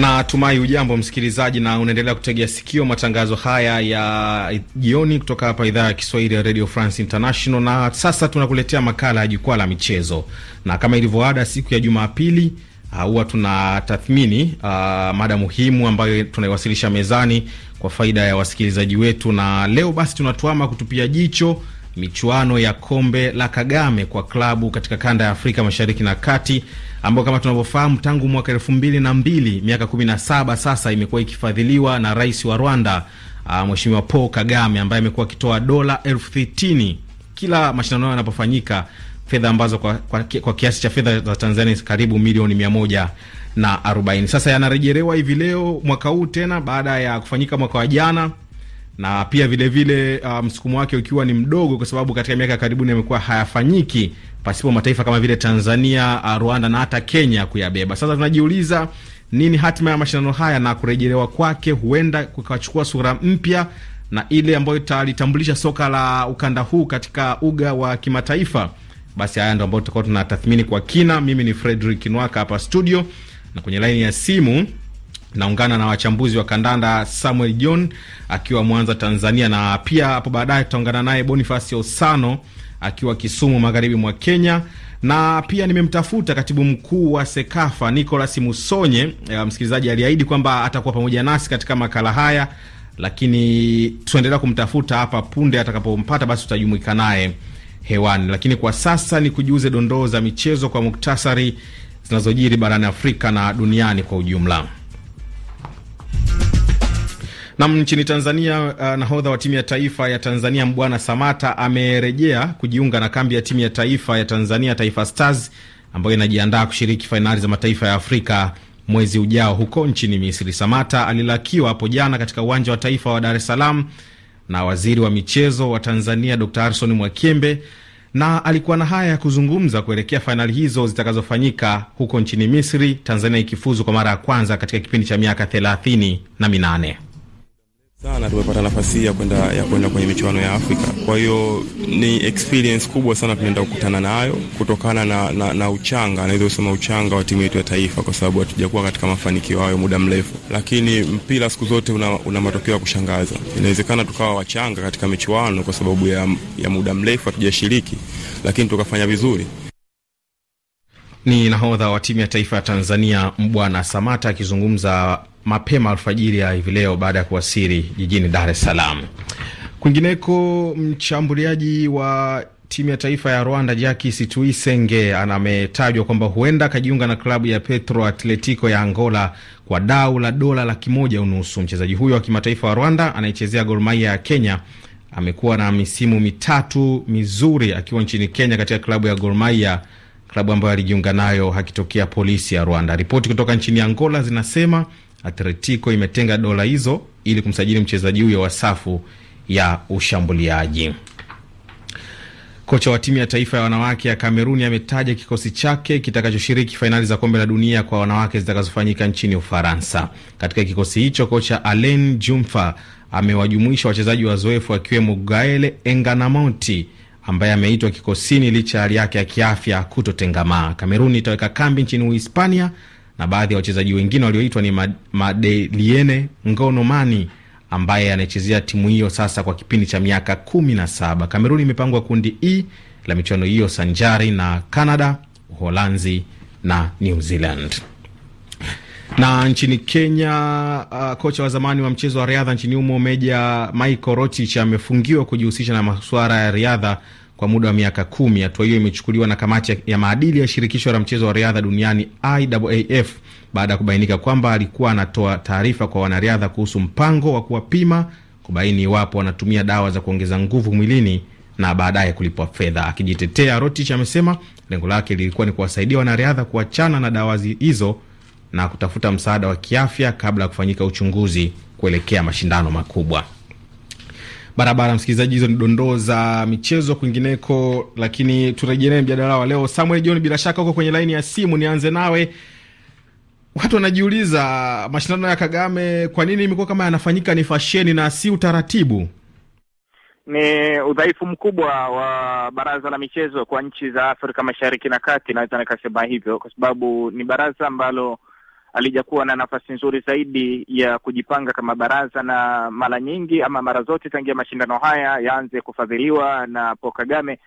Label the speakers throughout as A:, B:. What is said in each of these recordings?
A: Na tumai ujambo msikilizaji, na unaendelea kutegea sikio matangazo haya ya jioni kutoka hapa idhaa ya Kiswahili ya Radio France International. Na sasa tunakuletea makala ya jukwaa la michezo, na kama ilivyoada siku ya Jumapili ah, huwa uh, tathmini uh, ah, mada muhimu ambayo tunaiwasilisha mezani kwa faida ya wasikilizaji wetu, na leo basi tunatuama kutupia jicho michuano ya kombe la Kagame kwa klabu katika kanda ya Afrika Mashariki na Kati, ambayo kama tunavyofahamu tangu mwaka elfu mbili na mbili miaka kumi na saba sasa imekuwa ikifadhiliwa na rais wa Rwanda uh, Mheshimiwa Paul Kagame ambaye amekuwa akitoa dola elfu sitini kila mashindano yanapofanyika, fedha ambazo kwa, kwa, kwa kiasi cha fedha za Tanzania karibu milioni mia moja na arobaini. Sasa yanarejelewa hivi leo mwaka huu tena baada ya kufanyika mwaka wa jana na pia vilevile uh, msukumo wake ukiwa ni mdogo, kwa sababu katika miaka ya karibuni amekuwa hayafanyiki pasipo mataifa kama vile Tanzania, uh, Rwanda na hata Kenya kuyabeba. Sasa tunajiuliza nini hatima ya mashindano haya na kurejelewa kwake, huenda kukachukua sura mpya na ile ambayo italitambulisha soka la ukanda huu katika uga wa kimataifa. Basi haya ndo ambayo tutakuwa tunatathmini kwa kina. Mimi ni Fredrick Nwaka hapa studio, na kwenye laini ya simu Naungana na wachambuzi wa kandanda Samuel John akiwa Mwanza, Tanzania, na pia hapo baadaye tutaungana naye Bonifasi Osano akiwa Kisumu, magharibi mwa Kenya, na pia nimemtafuta katibu mkuu wa SEKAFA Nicolas Musonye. E, msikilizaji aliahidi kwamba atakuwa pamoja nasi katika makala haya, lakini tunaendelea kumtafuta hapa. Punde atakapompata, basi tutajumuika naye hewani, lakini kwa sasa ni kujuze dondoo za michezo kwa muktasari zinazojiri barani Afrika na duniani kwa ujumla. Nam, nchini Tanzania uh, nahodha wa timu ya taifa ya Tanzania Mbwana Samata amerejea kujiunga na kambi ya timu ya taifa ya Tanzania Taifa Stars ambayo inajiandaa kushiriki fainali za mataifa ya Afrika mwezi ujao huko nchini Misri. Samata alilakiwa hapo jana katika uwanja wa taifa wa Dar es Salaam na waziri wa michezo wa Tanzania Dr. Arson Mwakyembe na alikuwa na haya ya kuzungumza kuelekea fainali hizo zitakazofanyika huko nchini Misri, Tanzania ikifuzu kwa mara ya kwanza katika kipindi cha miaka thelathini na minane sana tumepata nafasi ya kwenda ya kwenda kwenye michuano ya Afrika. Kwa hiyo ni experience kubwa sana tunaenda kukutana nayo kutokana na, na, na uchanga naweza kusema uchanga wa timu yetu ya taifa, kwa sababu hatujakuwa katika mafanikio hayo muda mrefu, lakini mpira siku zote una, una matokeo ya kushangaza. Inawezekana tukawa wachanga katika michuano kwa sababu ya, ya muda mrefu hatujashiriki, lakini tukafanya vizuri. Ni nahodha wa timu ya taifa ya Tanzania Mbwana Samata akizungumza mapema alfajiri ya hivi leo baada ya kuwasili jijini Dar es Salaam. Kwingineko, mshambuliaji wa timu ya taifa ya Rwanda Jaki Situisenge ametajwa kwamba huenda akajiunga na klabu ya Petro Atletico ya Angola kwa dau la dola laki moja unusu. Mchezaji huyo wa kimataifa wa Rwanda anayechezea Gor Mahia ya Kenya amekuwa na misimu mitatu mizuri akiwa nchini Kenya katika klabu ya Gor Mahia, klabu ambayo alijiunga nayo akitokea polisi ya Rwanda. Ripoti kutoka nchini Angola zinasema Atletico imetenga dola hizo ili kumsajili mchezaji huyo wa safu ya ushambuliaji. Kocha wa timu ya taifa ya wanawake ya Kameruni ametaja kikosi chake kitakachoshiriki fainali za kombe la dunia kwa wanawake zitakazofanyika nchini Ufaransa. Katika kikosi hicho, kocha Alain Jumfa amewajumuisha wachezaji wazoefu akiwemo Gaele Enganamonti ambaye ameitwa kikosini licha ya hali yake ya kiafya kutotengamaa. Kameruni itaweka kambi nchini Uhispania na baadhi ya wachezaji wengine walioitwa ni Madeliene Ngonomani ambaye anachezea timu hiyo sasa kwa kipindi cha miaka kumi na saba. Kameruni imepangwa kundi E la michuano hiyo sanjari na Canada, Uholanzi na New Zealand. Na nchini Kenya, uh, kocha wa zamani wa mchezo wa riadha nchini humo Meja Michael Rotich amefungiwa kujihusisha na masuala ya riadha kwa muda wa miaka kumi. Hatua hiyo imechukuliwa na kamati ya maadili ya shirikisho la mchezo wa riadha duniani IAAF baada ya kubainika kwamba alikuwa anatoa taarifa kwa wanariadha kuhusu mpango wa kuwapima kubaini iwapo wanatumia dawa za kuongeza nguvu mwilini na baadaye kulipwa fedha. Akijitetea, Rotich amesema lengo lake lilikuwa ni kuwasaidia wanariadha kuachana na dawa hizo na kutafuta msaada wa kiafya kabla ya kufanyika uchunguzi kuelekea mashindano makubwa barabara. Msikilizaji, hizo ni dondoo za michezo kwingineko, lakini naye mjadala wa leo. Samuel John, bila shaka huko kwenye laini ya simu, nianze nawe. Watu wanajiuliza mashindano ya Kagame kwa nini imekuwa kama yanafanyika ni fasheni na si utaratibu?
B: Ni udhaifu mkubwa wa baraza la michezo kwa nchi za Afrika Mashariki na Kati, naweza nikasema hivyo, kwa sababu ni baraza ambalo alijakuwa na nafasi nzuri zaidi ya kujipanga kama baraza, na mara nyingi ama mara zote tangia mashindano haya yaanze kufadhiliwa na Paul Kagame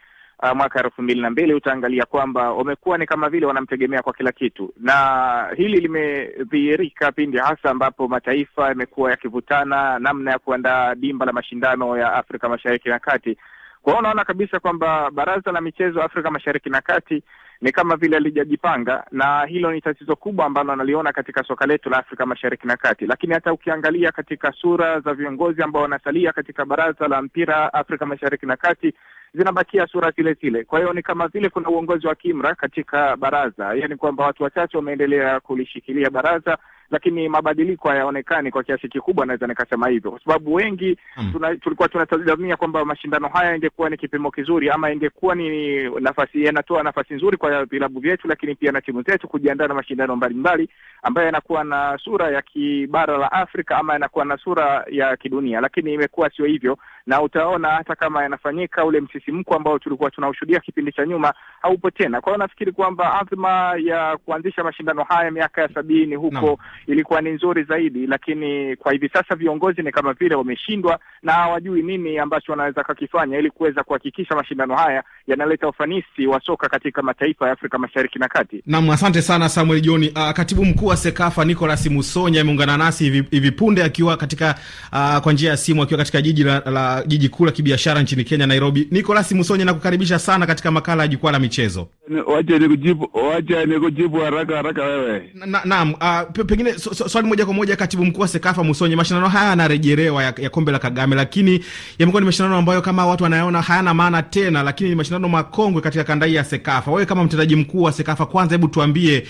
B: uh, mwaka elfu mbili na mbili utaangalia kwamba wamekuwa ni kama vile wanamtegemea kwa kila kitu, na hili limedhihirika pindi hasa ambapo mataifa yamekuwa yakivutana namna ya kuandaa dimba la mashindano ya Afrika Mashariki na Kati kwa hiyo unaona kabisa kwamba Baraza la Michezo Afrika Mashariki na Kati ni kama vile alijajipanga, na hilo ni tatizo kubwa ambalo analiona katika soka letu la Afrika Mashariki na Kati. Lakini hata ukiangalia katika sura za viongozi ambao wanasalia katika Baraza la Mpira Afrika Mashariki na Kati zinabakia sura zile zile. Kwa hiyo ni kama vile kuna uongozi wa kimra katika baraza, yaani kwamba watu wachache wameendelea kulishikilia baraza lakini mabadiliko hayaonekani kwa kiasi kikubwa, naweza nikasema hivyo, kwa sababu wengi mm. tuna, tulikuwa tunatazamia kwamba mashindano haya yangekuwa ni kipimo kizuri ama ingekuwa ni nafasi, yanatoa nafasi nzuri kwa vilabu vyetu, lakini pia na timu zetu kujiandaa na mashindano mbalimbali ambayo yanakuwa na sura ya kibara la Afrika ama yanakuwa na sura ya kidunia, lakini imekuwa sio hivyo na utaona hata kama yanafanyika, ule msisimko ambao tulikuwa tunaushuhudia kipindi cha nyuma haupo tena. Kwa hiyo nafikiri kwamba azma ya kuanzisha mashindano haya miaka ya sabini huko no. ilikuwa ni nzuri zaidi, lakini kwa hivi sasa viongozi ni kama vile wameshindwa na hawajui nini ambacho wanaweza kakifanya ili kuweza kuhakikisha mashindano haya yanaleta ufanisi wa soka katika mataifa ya Afrika Mashariki na Kati.
A: Naam, asante sana Samuel John. Uh, katibu mkuu wa Sekafa Nicolas Musonya ameungana nasi hivi punde akiwa katika uh, kwa njia ya simu akiwa katika jiji la, la jiji kuu la kibiashara nchini Kenya, Nairobi. Nicolas Musonye, nakukaribisha sana katika makala ya jukwaa la michezo.
C: Wacha nikujibu, wacha
A: nikujibu haraka
C: haraka wewe.
A: Naam, na, na, uh, pengine swali so, so, moja kwa moja, katibu mkuu wa Sekafa Musonye, mashindano haya yanarejelewa ya, ya kombe la Kagame, lakini yamekuwa ni mashindano ambayo kama watu wanayaona hayana maana tena, lakini ni mashindano makongwe katika kanda hii ya Sekafa. Wewe kama mtendaji mkuu wa Sekafa, kwanza hebu tuambie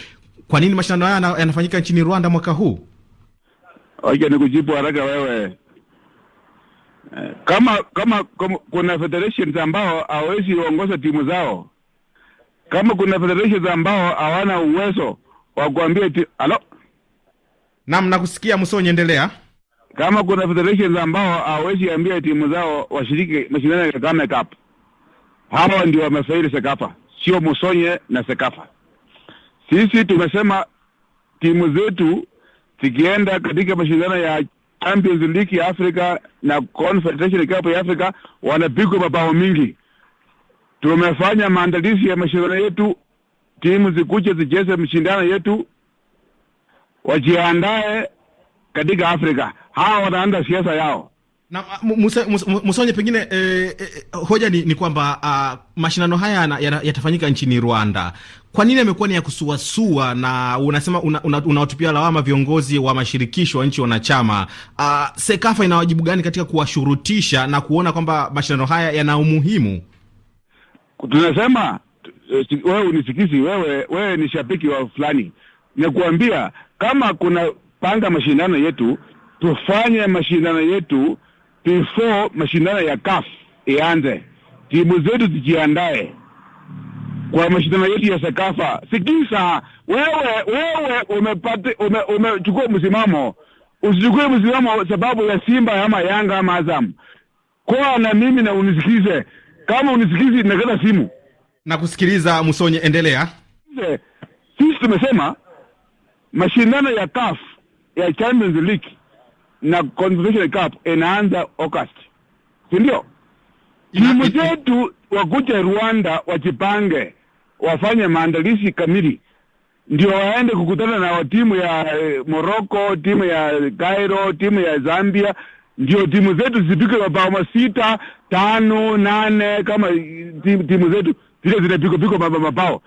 A: kwa nini mashindano haya yanafanyika nchini Rwanda mwaka huu?
C: Wacha nikujibu haraka wewe. Kama kama, kuna federations ambao hawezi ongoza timu zao, kama kuna federations ambao hawana uwezo wa kuambia ti... Halo, naam, nakusikia Musonye, endelea. Kama kuna federations ambao hawezi ambia timu zao washiriki mashindano ya Kagame Cup, hawa ndio wamefaili Sekafa, sio Musonye na Sekafa. Sisi tumesema timu zetu zikienda katika mashindano ya Champions League ya Afrika na Confederation Cup ya Afrika wanapigwa mabao mingi. Tumefanya maandalizi ya mashindano yetu, timu zikuje zicheze mashindano yetu, wajiandae katika Afrika. Hawa wanaanda siasa yao na ah, Musonye, pengine e, e,
A: hoja ni, ni kwamba uh, mashindano haya yatafanyika nchini Rwanda. Kwa nini amekuwa ni ya kusuasua, na unasema unawatupia una, una lawama viongozi wa mashirikisho wa nchi wanachama? Uh, SEKAFA ina wajibu gani katika kuwashurutisha na kuona kwamba mashindano haya yana
C: umuhimu? Tunasema wewe unisikizi, wewe wewe ni shabiki wa fulani, nakuambia kama kuna panga mashindano yetu, tufanye mashindano yetu before mashindano ya CAF ianze, timu zetu zijiandae kwa mashindano yetu ya Sakafa. Sikisa wewe, wewe umepata ume, umechukua msimamo, usichukue msimamo sababu ya Simba ama Yanga ama Azam. Kwa na mimi na unisikize, kama unisikizi nakata simu na kusikiliza. Musonye, endelea. Sisi tumesema mashindano ya CAF ya Champions League na Confederation Cup inaanza August, si ndio? Timu zetu wakuja Rwanda wajipange, wafanye maandalizi kamili, ndio waende kukutana na timu ya eh, Morocco, timu ya Cairo, timu ya Zambia, ndio timu zetu zipige mabao masita tano nane kama eh, timu zetu zile zinapigwa pigwa mabao,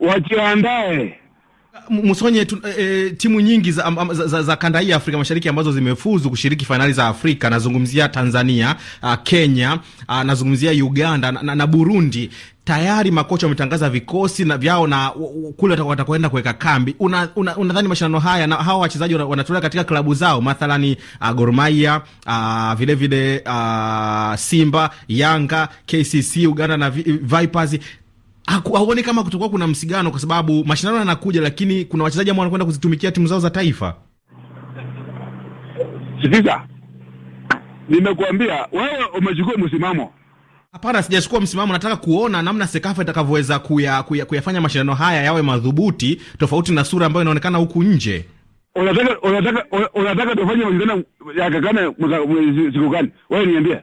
C: wajiandae
A: Musonye tu, e, timu nyingi za, za, za, za kanda hii ya Afrika Mashariki ambazo zimefuzu kushiriki fainali za Afrika, nazungumzia Tanzania, a, ah, Kenya, a, ah, nazungumzia Uganda na, na Burundi tayari makocha wametangaza vikosi na vyao na kule watakwenda kuweka kambi. Unadhani una, una mashindano haya na hawa wachezaji wanatolea katika klabu zao mathalani uh, Gor Mahia uh, vilevile uh, Simba, Yanga, KCC Uganda na Vipers hauoni kama kutokuwa kuna msigano, kwa sababu mashindano yanakuja, lakini kuna wachezaji ambao wanakwenda kuzitumikia timu zao za taifa. Sikiza, nimekuambia wewe, umechukua msimamo. Hapana, sijachukua msimamo. Nataka kuona namna Sekafa itakavyoweza kuya, kuya, kuyafanya mashindano haya yawe madhubuti, tofauti na sura ambayo inaonekana huku nje.
C: Unataka unataka unataka tufanye mashindano yakakane siku gani? Wewe niambie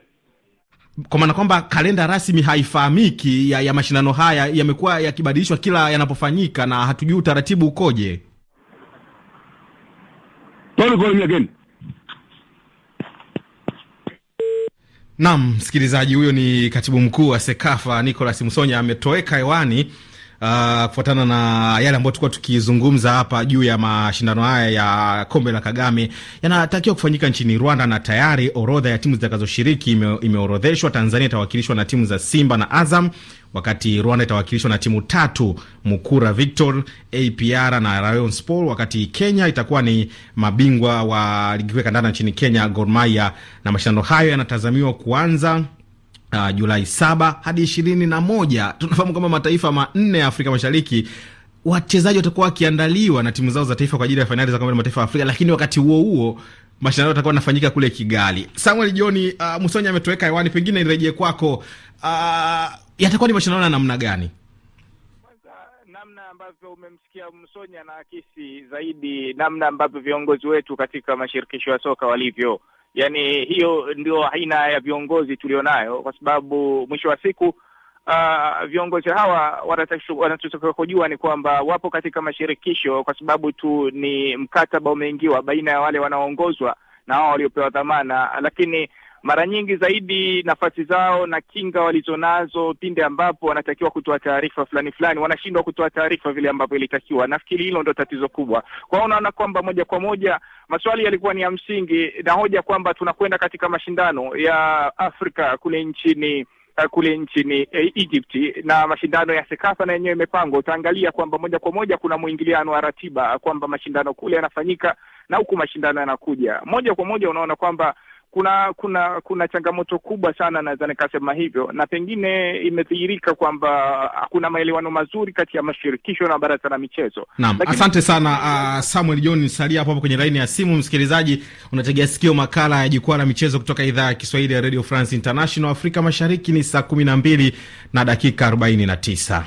C: kwa maana kwamba kalenda
A: rasmi haifahamiki ya, ya mashindano haya yamekuwa yakibadilishwa kila yanapofanyika na hatujui utaratibu ukoje. Naam, msikilizaji, huyo ni katibu mkuu wa Sekafa Nicolas Msonya ametoweka hewani. Ah, kufuatana uh, na yale ambayo tulikuwa tukizungumza hapa juu ya mashindano haya ya kombe la Kagame yanatakiwa kufanyika nchini Rwanda, na tayari orodha ya timu zitakazoshiriki ime, imeorodheshwa. Tanzania itawakilishwa na timu za Simba na Azam, wakati Rwanda itawakilishwa na timu tatu Mukura Victor, APR na Rayon Sport, wakati Kenya itakuwa ni mabingwa wa ligi kuu ya kandanda nchini Kenya, Gor Mahia, na mashindano hayo yanatazamiwa kuanza uh, Julai saba hadi ishirini na moja. Tunafahamu kwamba mataifa manne ya Afrika Mashariki wachezaji watakuwa wakiandaliwa na timu zao za taifa kwa ajili ya fainali za kombe la mataifa ya Afrika, lakini wakati huo huo mashindano yatakuwa yanafanyika kule Kigali. Samuel Joni uh, ah, Musonya ametoweka hewani, pengine nirejee kwako.
B: Uh, yatakuwa ni mashindano ya namna gani? namna ambavyo umemsikia Msonya na akisi zaidi namna ambavyo viongozi wetu katika mashirikisho ya soka walivyo Yani hiyo ndio aina ya viongozi tulionayo, kwa sababu mwisho wa siku uh, viongozi hawa wanachotakiwa kujua ni kwamba wapo katika mashirikisho kwa sababu tu ni mkataba umeingiwa baina ya wale wanaoongozwa na hao waliopewa dhamana, lakini mara nyingi zaidi nafasi zao na kinga walizonazo pinde ambapo wanatakiwa kutoa taarifa fulani fulani, wanashindwa kutoa taarifa vile ambavyo ilitakiwa. Nafikiri hilo ndo tatizo kubwa kwao. Unaona kwamba moja kwa moja maswali yalikuwa ni ya msingi na hoja kwamba tunakwenda katika mashindano ya Afrika kule nchini eh, kule nchini e, Egypt na mashindano ya Sekafa na yenyewe imepangwa. Utaangalia kwamba moja kwa moja kuna mwingiliano wa ratiba kwamba mashindano kule yanafanyika na huku mashindano yanakuja moja kwa moja. Unaona kwamba kuna kuna kuna changamoto kubwa sana, naweza nikasema hivyo, na pengine imedhihirika kwamba hakuna maelewano mazuri kati ya mashirikisho na baraza la michezo.
A: Naam, Lakin... asante sana uh, Samuel John, salia hapo hapo kwenye laini ya simu. Msikilizaji, unategea sikio makala ya jukwaa la michezo kutoka idhaa ya Kiswahili ya Radio France International. Afrika Mashariki ni saa kumi na mbili na dakika arobaini na tisa.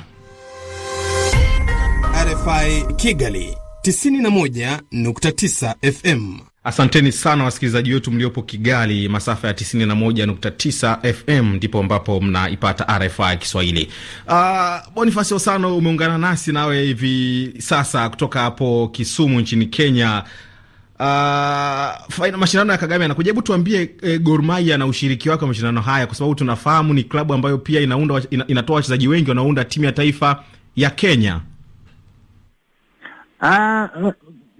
A: RFI Kigali 91.9 FM Asanteni sana wasikilizaji wetu mliopo Kigali, masafa ya 91.9 FM ndipo ambapo mnaipata RFI Kiswahili. Uh, ah, Bonifasi Osano umeungana nasi nawe hivi sasa kutoka hapo Kisumu nchini Kenya. Uh, mashindano ya Kagame yanakuja. Hebu tuambie e, Gor Mahia na ushiriki wake wa mashindano haya, kwa sababu tunafahamu ni klabu ambayo pia inaunda, ina, inatoa wachezaji wengi wanaounda timu ya taifa ya Kenya.
D: Uh,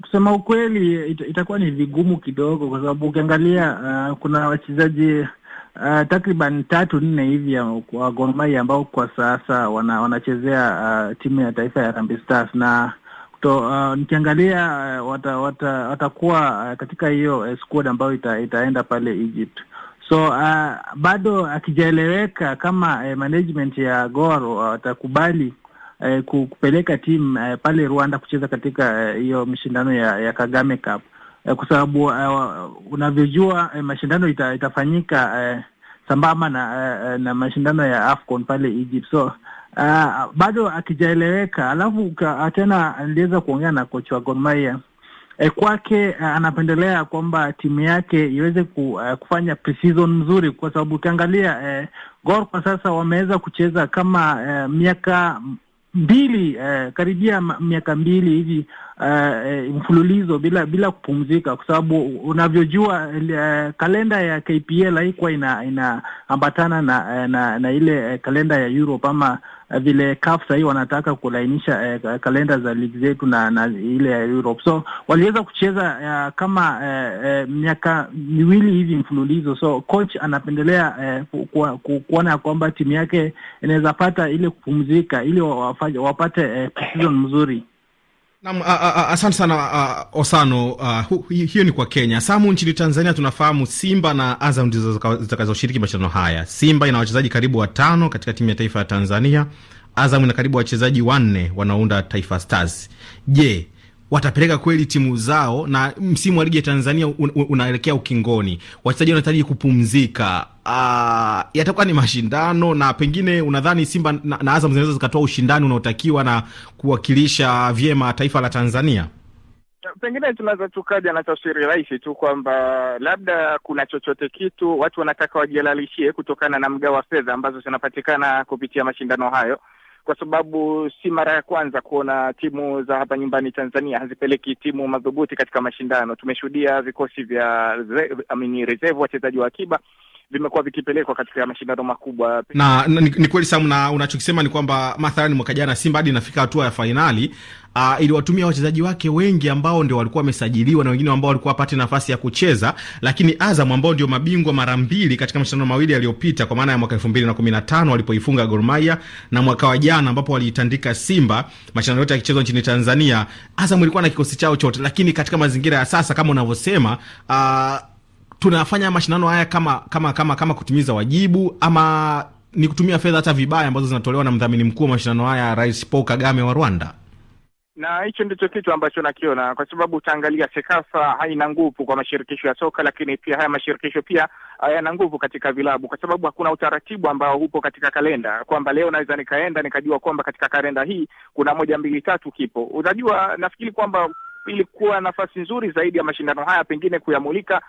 D: Kusema ukweli it, itakuwa ni vigumu kidogo kwa sababu ukiangalia uh, kuna wachezaji uh, takriban tatu nne hivi wa gormai ambao kwa sasa wana, wanachezea uh, timu ya taifa ya Harambee Stars na to, uh, nikiangalia uh, watakuwa wata, wata uh, katika hiyo uh, squad ambayo ita, itaenda pale Egypt so uh, bado akijaeleweka kama uh, management ya Gor uh, watakubali uh, eh, kupeleka timu eh, pale Rwanda kucheza katika eh, hiyo eh, mishindano ya, ya Kagame Cup eh, kwa sababu eh, unavyojua eh, mashindano ita, itafanyika eh, sambamba na eh, na mashindano ya AFCON pale Egypt so eh, bado akijaeleweka. Alafu tena aliweza kuongea na kocha wa Gor Mahia e, kwake uh, anapendelea kwamba timu yake iweze ku, uh, kufanya pre-season mzuri, kwa sababu ukiangalia uh, Gor kwa sasa wameweza kucheza kama uh, miaka mbili eh, karibia miaka mbili hivi uh, mfululizo bila bila kupumzika, kwa sababu unavyojua uh, kalenda ya KPL haikuwa ina inaambatana na, eh, na na ile kalenda ya Europe ama vile CAF sahii wanataka kulainisha eh, kalenda za ligi zetu na, na ile ya Europe, so waliweza kucheza uh, kama uh, miaka miwili hivi mfululizo. So coach anapendelea uh, kuona ku, ya kwamba timu yake inaweza pata ile kupumzika ili wapate uh, mzuri.
A: Naam, asante sana a, Osano. A, hu, hiyo ni kwa Kenya. Samu, nchini Tanzania tunafahamu Simba na Azam ndizo zitakazoshiriki mashindano haya. Simba ina wachezaji karibu watano katika timu ya taifa ya Tanzania. Azam ina karibu wachezaji wanne wanaounda Taifa Stars. Je, watapeleka kweli timu zao? Na msimu wa ligi ya Tanzania un, un, unaelekea ukingoni, wachezaji wanahitaji kupumzika yatakuwa ni mashindano, na pengine unadhani Simba na, na Azam zinaweza zikatoa ushindani unaotakiwa na kuwakilisha vyema taifa la Tanzania?
B: Pengine tunaweza tukaja na tafsiri rahisi tu kwamba labda kuna chochote kitu watu wanataka wajilalishie kutokana na mgao wa fedha ambazo zinapatikana kupitia mashindano hayo, kwa sababu si mara ya kwanza kuona timu za hapa nyumbani Tanzania hazipeleki timu madhubuti katika mashindano. Tumeshuhudia vikosi vya amini reserve, wachezaji wa akiba vimekuwa vikipelekwa katika mashindano makubwa.
A: Na, na ni, ni kweli Sam, na unachokisema ni kwamba mathalani mwaka jana Simba hadi inafika hatua ya fainali Uh, ah, iliwatumia wachezaji wake wengi ambao ndio walikuwa wamesajiliwa na wengine ambao walikuwa wapate nafasi ya kucheza, lakini Azam ambao ndio mabingwa mara mbili katika mashindano mawili yaliyopita, kwa maana ya mwaka 2015 walipoifunga Gor Mahia na mwaka wa jana ambapo waliitandika Simba, mashindano yote yakichezwa nchini Tanzania, Azam ilikuwa na kikosi chao chote, lakini katika mazingira ya sasa kama unavyosema uh, tunafanya mashindano haya kama kama kama kama kutimiza wajibu ama ni kutumia fedha hata vibaya ambazo zinatolewa na mdhamini mkuu wa mashindano haya, Rais Paul Kagame wa Rwanda?
B: na hicho ndicho kitu ambacho nakiona, kwa sababu utaangalia Sekafa haina nguvu kwa mashirikisho ya soka, lakini pia haya mashirikisho pia hayana uh, nguvu katika vilabu, kwa sababu hakuna utaratibu ambao upo katika kalenda, kwamba leo naweza nikaenda nikajua kwamba katika kalenda hii kuna moja mbili tatu kipo. Utajua, nafikiri kwamba ilikuwa nafasi nzuri zaidi ya mashindano haya pengine kuyamulika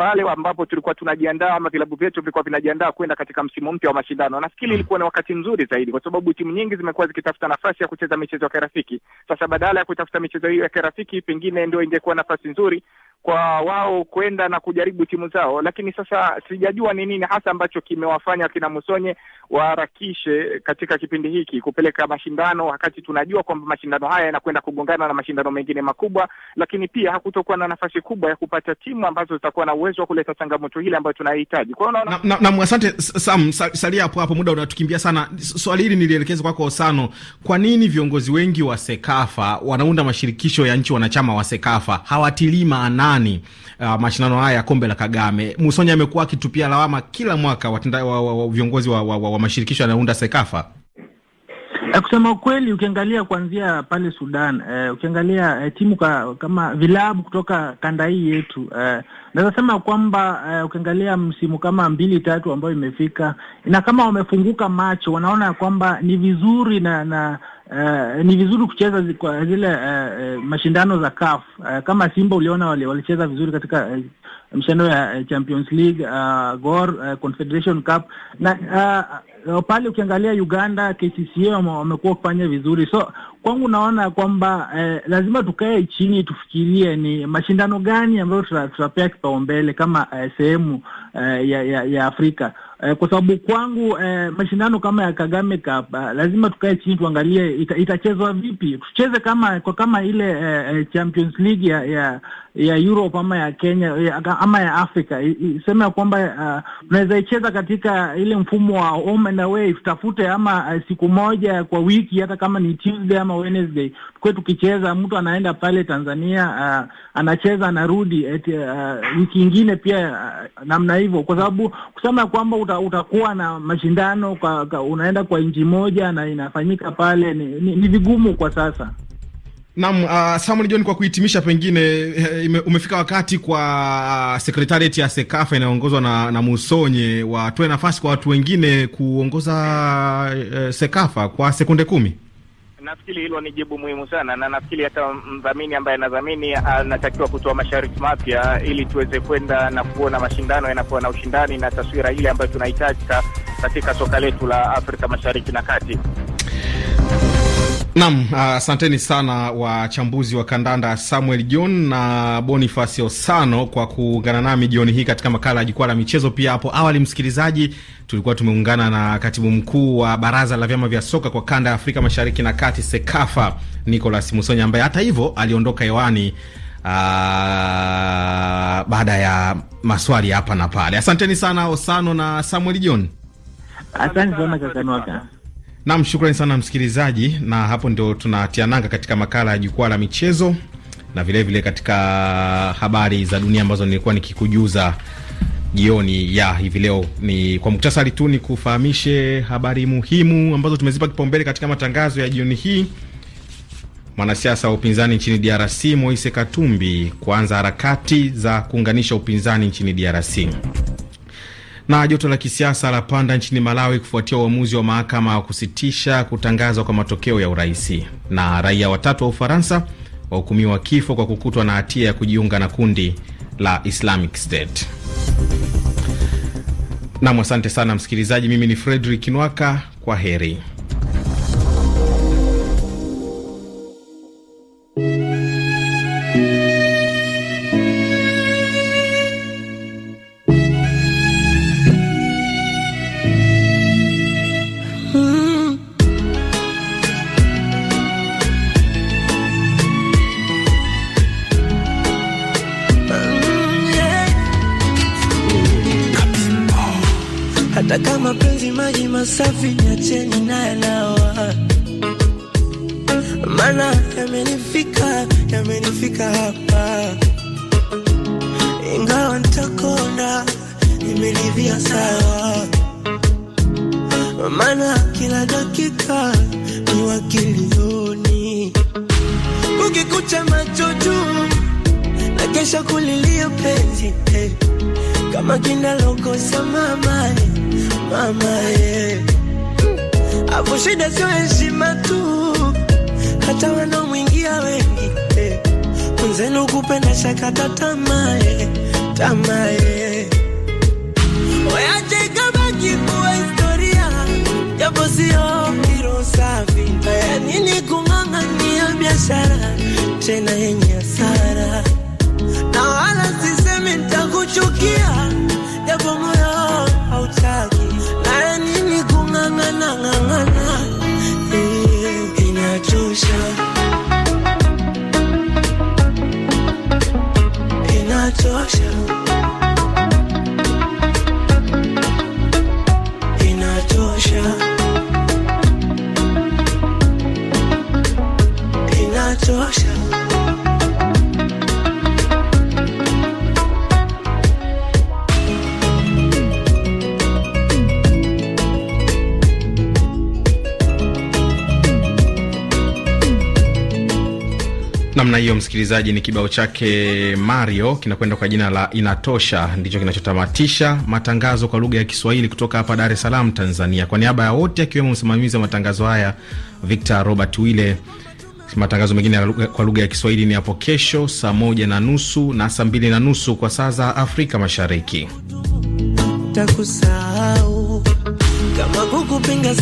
B: pale ambapo tulikuwa tunajiandaa ama vilabu vyetu vilikuwa vinajiandaa kwenda katika msimu mpya wa mashindano. Nafikiri ilikuwa ni wakati mzuri zaidi, kwa sababu timu nyingi zimekuwa zikitafuta nafasi ya kucheza michezo ya kirafiki. Sasa badala ya kutafuta michezo hiyo ya kirafiki, pengine ndio ingekuwa nafasi nzuri kwa wao kwenda na kujaribu timu zao, lakini sasa sijajua ni nini hasa ambacho kimewafanya kina Musonye waharakishe katika kipindi hiki kupeleka mashindano, wakati tunajua kwamba mashindano haya yanakwenda kugongana na mashindano mengine makubwa, lakini pia hakutokuwa na nafasi kubwa ya kupata timu ambazo zitakuwa na uwezo wa kuleta changamoto hile ambayo tunahitaji. Kwa hiyo
A: naona na, asante Sam, salia hapo hapo, muda unatukimbia sana. Swali hili nilielekeza kwako Osano, kwa nini viongozi wengi wa Sekafa wanaunda mashirikisho ya nchi wanachama wa Sekafa hawatilii maana nani uh, mashindano haya ya kombe la Kagame. Musonya amekuwa akitupia lawama kila mwaka watenda, wa, wa, wa, viongozi wa, wa, wa, wa mashirikisho yanayounda Sekafa
D: Eh, kusema kweli, ukiangalia kuanzia pale Sudan eh, ukiangalia eh, timu ka, kama vilabu kutoka kanda hii yetu eh, naweza sema kwamba eh, ukiangalia msimu kama mbili tatu ambayo imefika, na kama wamefunguka macho, wanaona kwamba ni vizuri na na Uh, ni vizuri kucheza zile uh, uh, mashindano za CAF uh, kama Simba uliona walicheza wali vizuri katika uh, mshindo ya uh, Champions League uh, Gor uh, Confederation Cup na uh, uh pale ukiangalia Uganda KCCA wamekuwa kufanya vizuri, so kwangu naona kwamba uh, lazima tukae chini tufikirie ni mashindano gani ambayo tutapea kipaumbele kama uh, sehemu uh, ya, ya, ya Afrika eh, kwa sababu kwangu eh, mashindano kama ya Kagame Cup eh, lazima tukae chini tuangalie ita, itachezwa vipi, tucheze kama kwa kama ile eh, Champions League ya, ya ya Europe ama ya Kenya ya, ama ya Afrika sema ya kwamba unaweza uh, icheza katika ile mfumo wa home and away, tutafute ama uh, siku moja kwa wiki, hata kama ni Tuesday ama Wednesday, tukwe tukicheza, mtu anaenda pale Tanzania uh, anacheza anarudi uh, wiki ingine pia uh, namna hivyo, kwa sababu kusema kwamba uta, utakuwa na mashindano kwa, kwa,
A: unaenda kwa nchi moja na inafanyika pale ni, ni, ni vigumu kwa sasa. Naam, uh, Samuel John, kwa kuhitimisha, pengine eh, umefika wakati kwa uh, sekretariat ya Sekafa inayoongozwa na, na Musonye watoe nafasi kwa watu wengine kuongoza uh, Sekafa kwa sekunde kumi.
B: Nafikiri hilo ni jibu muhimu sana, na nafikiri hata mdhamini ambaye anadhamini uh, anatakiwa kutoa masharti mapya ili tuweze kwenda na kuona mashindano yanakuwa na ushindani na taswira ile ambayo tunahitaji katika soka letu la Afrika Mashariki na Kati.
A: Nam, asanteni uh, sana wachambuzi wa kandanda Samuel John na Bonifasi Osano kwa kuungana nami jioni hii katika makala ya jukwaa la michezo. Pia hapo awali, msikilizaji, tulikuwa tumeungana na katibu mkuu wa baraza la vyama vya soka kwa kanda ya Afrika Mashariki na Kati, SEKAFA, Nicolas Musonya, ambaye hata hivyo aliondoka hewani uh, baada ya maswali hapa na pale. Asanteni sana Osano na Samuel John. Asante sana Kakanwaka. Nam, shukrani sana msikilizaji, na hapo ndio tunatia nanga katika makala ya jukwaa la michezo na vilevile vile katika habari za dunia ambazo nilikuwa nikikujuza jioni ya hivi leo. Ni kwa muktasari tu, ni kufahamishe habari muhimu ambazo tumezipa kipaumbele katika matangazo ya jioni hii. Mwanasiasa wa upinzani nchini DRC Moise Katumbi kuanza harakati za kuunganisha upinzani nchini DRC. Na joto la kisiasa la panda nchini Malawi kufuatia uamuzi wa mahakama wa kusitisha kutangazwa kwa matokeo ya urahisi Na raia watatu wa Ufaransa wahukumiwa kifo kwa kukutwa na hatia ya kujiunga na kundi la Islamic State. Nam, asante sana msikilizaji. Mimi ni fredrik Nwaka, kwa heri.
E: hata kama penzi maji masafi, niacheni naye nawa, maana yamenifika, yamenifika hapa, ingawa ntakonda nimelivia sawa, maana kila dakika ni wakilioni, ukikucha macho juu na kesha kulilio penzi hey, eh. kama sa mamani eh mama ye eh. afu shida sio heshima tu, hata wanaomwingia wengi eh. mwenzenu kupenda shakata tamaye eh. tamaye wayachekamajibuwa historia japo sio kiro safi nini kung'ang'ania biashara tena yenye hasara na wala sisemi ntakuchukia maisha inatosha, inatosha.
A: hiyo msikilizaji, ni kibao chake Mario kinakwenda kwa jina la Inatosha, ndicho kinachotamatisha matangazo kwa lugha ya Kiswahili kutoka hapa Dar es Salaam, Tanzania. Kwa niaba ya wote, akiwemo msimamizi wa matangazo haya Victor Robert Wille, matangazo mengine kwa lugha ya Kiswahili ni hapo kesho saa moja na nusu na saa mbili na nusu kwa saa za Afrika Mashariki.
E: kama kukupinga